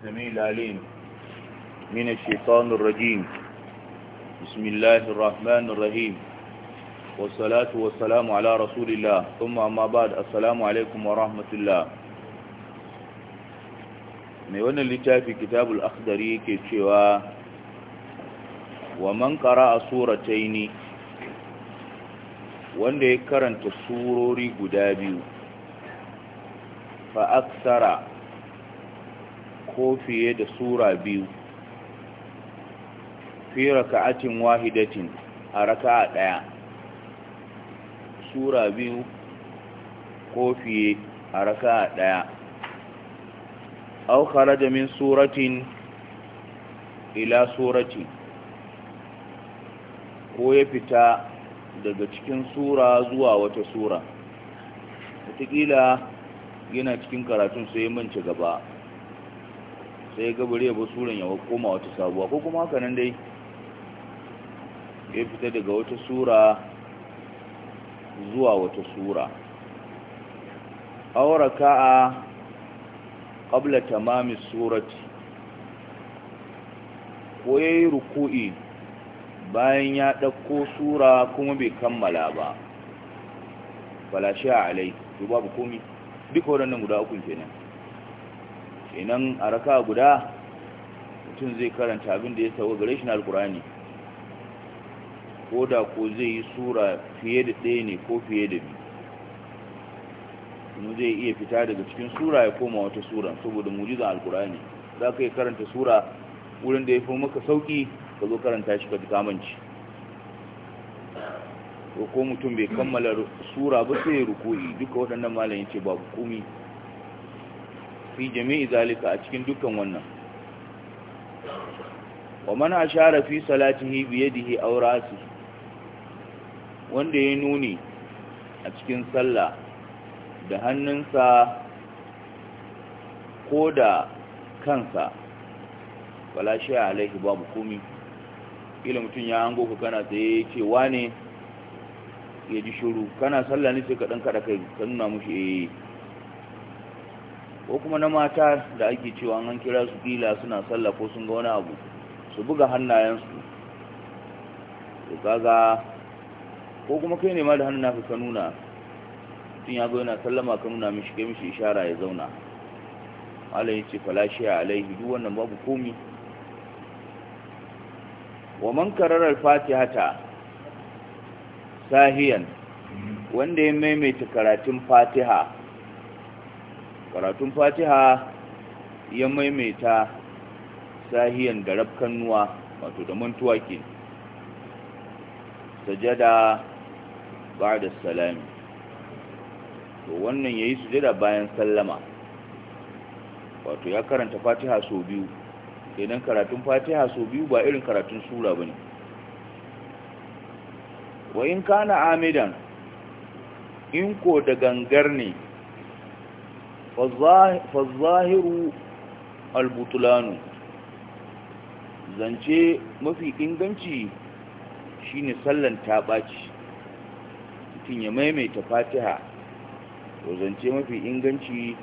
سميع العليم من الشيطان الرجيم بسم الله الرحمن الرحيم والصلاة والسلام على رسول الله ثم أما بعد السلام عليكم ورحمة الله mai wannan littafi kitabul akhdari yake cewa wa man qara'a surataini wanda ya karanta surori guda biyu fa aksara ko fiye da sura biyu fi raka'atin wahidatin a raka'a ɗaya sura biyu ko fiye a raka'a ɗaya au kharaja min suratin ila surati ko ya fita daga cikin sura zuwa wata sura wataƙila yana cikin karatun sai manci gaba sai ga gabare ya bar ya koma wata sabuwa ko kuma haka nan dai ya fita daga wata sura zuwa wata sura a ka'a qabla tamami surati ko yayi ruku'i bayan ya ɗauko sura kuma bai kammala ba falashe a alai to babu komi duk waɗannan guda uku kenan kenan a raka guda mutum zai karanta abin da ya sauwa gare shi na alkurani ko da ko zai yi sura fiye da ɗaya ne ko fiye da biyu kuma zai iya fita daga cikin sura ya koma wata sura saboda mujizan alkurani za ka yi karanta sura wurin da ya fi maka sauki ka zo karanta shi ka fi kamanci ko mutum bai kammala sura ba sai ya ruku'i duka waɗannan malayin ce babu komi fi jami'i zalika a cikin dukkan wannan wa man ashara fi salatihi bi yadihi aw ra'si wanda ya nuni a cikin sallah da hannunsa ko da kansa wala shi alaihi babu komi ila mutum ya hango ka kana ya ce wane ya ji shuru kana sallah ne sai ka dan kada kai ka nuna mushi eh ko kuma na mata da ake cewa an kira su kila suna sallah ko sun ga wani abu su buga hannayensu su kaga ko kuma kai ne ma da hannun naka ka nuna tun ya zo yana sallama ka nuna mishi kai mishi ishara ya zauna Allah ya ce falashiya alaihi duk wannan babu komi wa man kararar fatihata sahiyan wanda ya maimaita karatun fatiha karatun fatiha ya maimaita sahiyan da rafkannuwa wato da mantuwa ke sajada ba da salami to wannan ya yi sujada bayan sallama wato ya karanta fatiha sau biyu idan karatun fatiha sau biyu ba irin karatun sura ba ne wa in kana amidan in ko da gangar ne fazahiru albutulanu zance mafi inganci shine sallan taɓaci mutum ya maimaita fatiha to zance mafi inganci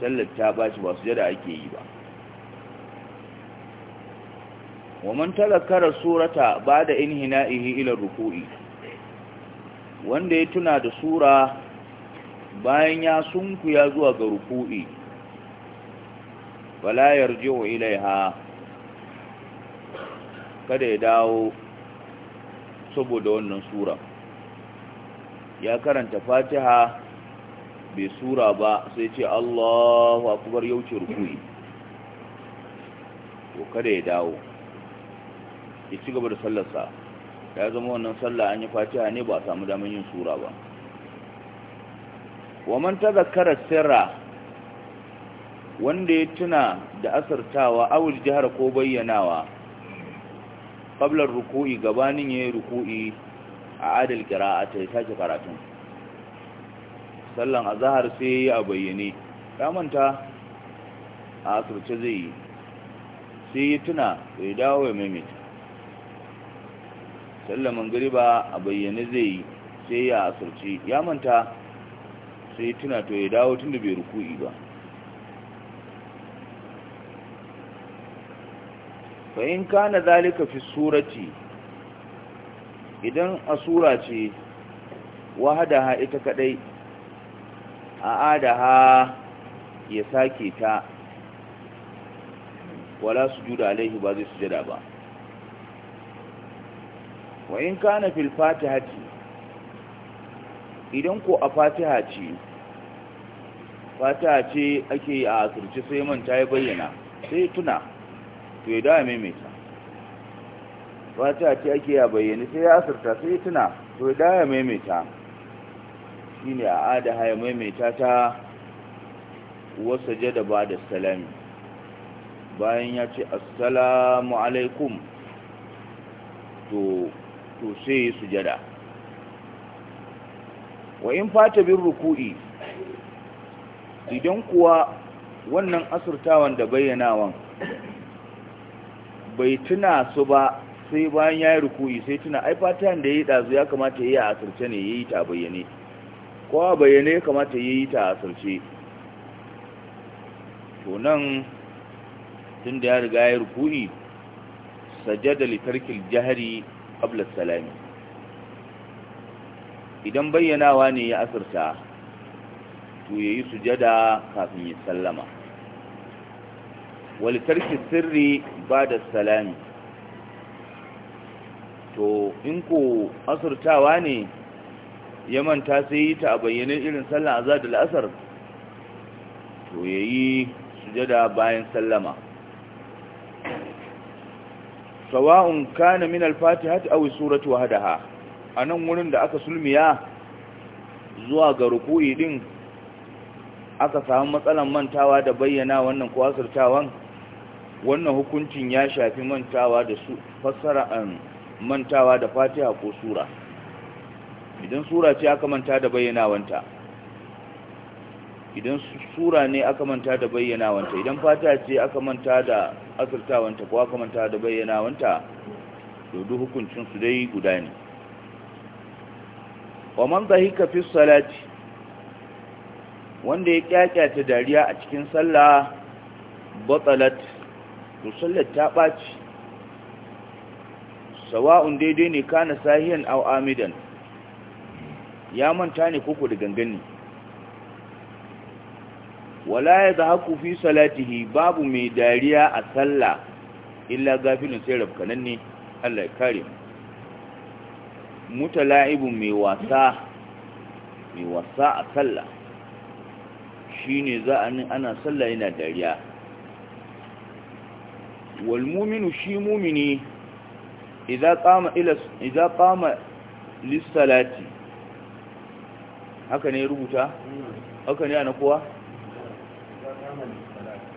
sallar taɓaci ba su jada ake yi ba waman talakarar surata ba da inhina'ihi ilar ruku'i wanda ya tuna da sura bayan ya sunkuya zuwa ga ruku'i fala yarji'u ilaiha kada ya dawo saboda wannan sura ya karanta fatiha bai sura ba sai ce Allahu akbar yauce rufu'i to kada ya dawo ya ci gaba da sallarsa ya zama wannan sallah an yi fatiha ne ba a samu damar yin sura ba wa man tazakkara sirra wanda ya tuna da asartawa awul jihar ko bayyanawa qablar ruku'i gabanin yayin ruku'i a adal qira'ata ya sake karatu sallan azhar sai ya bayyane ya manta a asirce zai yi sai ya tuna ya dawo ya maimaita sallan gariba a bayyane zai yi sai ya asirce ya manta sai tuna to ya dawo tun da bai ruku'i ba fa'in kana zalika fi surati idan a sura ce wahadaha ita kadai a adaha ya sake ta wala sujuda alaihi ba zai su jada ba wa in kana fil fatihati idan ko a fatiha ce fatiha ce ake a asirce sai manta ya bayyana sai tuna to ya dawa maimaita fatiha ce ake a bayyana sai ya asirta sai tuna to ya dawa maimaita shi ne a adaha ya maimaita ta wasa jada ba da salami bayan ya ce assalamu alaikum to sai yi sujada wa in fata bin ruku'i idan kuwa wannan asurtawan da bayyanawan bai tuna su ba sai bayan ya yi ruku'i sai tuna ai fatan da ya yi ɗazu ya kamata ya yi a asirce ne ya yi ta bayyane kowa bayyane ya kamata ya yi ta a to nan tun da ya riga ya ruku'i sajjada litarkil jihari qabla salami idan bayyanawa ne ya asirta to yayi sujada kafin ya sallama wal tarki sirri ba'da salami to in ko asirtawa ne ya manta sai yi ta a bayyane irin sallan azhar da al'asr to yayi sujada bayan sallama sawa'un kana min al-fatihah aw suratu wahdaha a nan wurin da aka sulmiya zuwa ga ruku'i din aka samu matsalan mantawa da bayyana wannan ko asirtawan wannan hukuncin ya shafi mantawa da su fassara an um, mantawa da fatiha ko sura idan sura ce aka manta da bayyanawanta idan sura ne aka manta da bayyanawanta idan fatiha ce aka manta da asirtawanta ko aka manta da bayyanawanta to duk hukuncin su dai guda ne wa man zahika fi salati wanda ya kyakyata dariya a cikin sallah batalat to sallar ta baci sawa'un daidai ne kana sahiyan aw amidan ya manta ne koko da gangane wala ya zahaku fi salatihi babu mai dariya a sallah illa gafilin sai rabkanan ne Allah ya kare mu mutala'ibun mai wasa mai wasa a sallah shine za a ni ana sallah yana dariya wal muminu shi mumini idza qama ila idza qama lis-salati haka ne rubuta haka ne ana kowa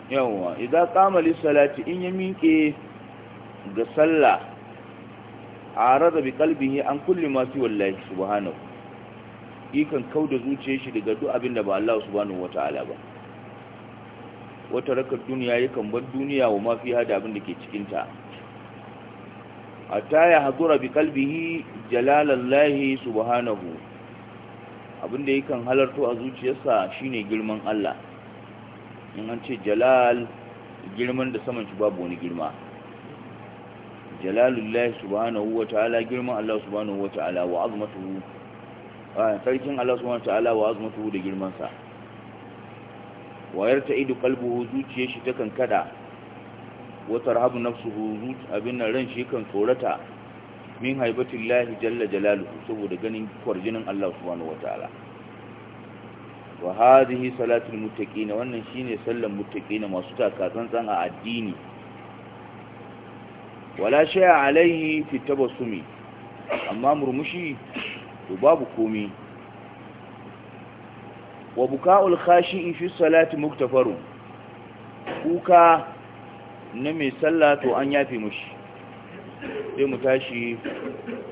yawa idza qama lis-salati in ya minke ga sallah arada bi qalbihi an kulle Masu fi wallahi subhanahu ikan kauda zuciyar shi daga duk abin da ba Allah subhanahu wataala ba wata rakar duniya yakan bar duniya wa mafi fi hada abin da ke cikin ta hatta ya hadura bi qalbihi jalalallahi subhanahu abin da yakan halarto a zuciyarsa shine girman Allah in an ce jalal girman da saman shi babu wani girma jalalullahi subhanahu wa ta'ala girman Allah subhanahu wa ta'ala wa azmatuhu ah, sarkin Allah subhanahu wa ta'ala wa azmatuhu da girman sa wayar ta idu qalbuhu zuciyar shi takan kada wa tarhabu nafsuhu zuci abin nan ran shi kan tsorata min haibatillahi jalla jalaluhu saboda ganin kwarjinin Allah subhanahu wa ta'ala wa hadhihi salatul muttaqin wannan shine sallan muttaqin masu taka tsantsan a addini wala shaya alaihi fi sumi, amma murmushi to babu komi wa buka'ul khashi'i fi salati muktafarun kuka na mai sallah to an yafe mushi sai mu tashi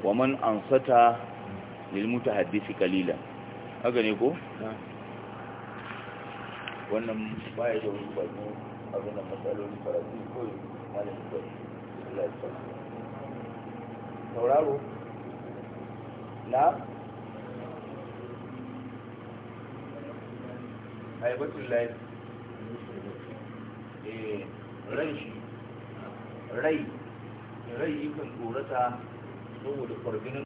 wa man ansata lil mutahaddisi qalila haka ne ko wannan baya da wani abin da matsalolin karatu ko malamin sauraro na haibatun eh, rai yakan tsorata saboda kwarginin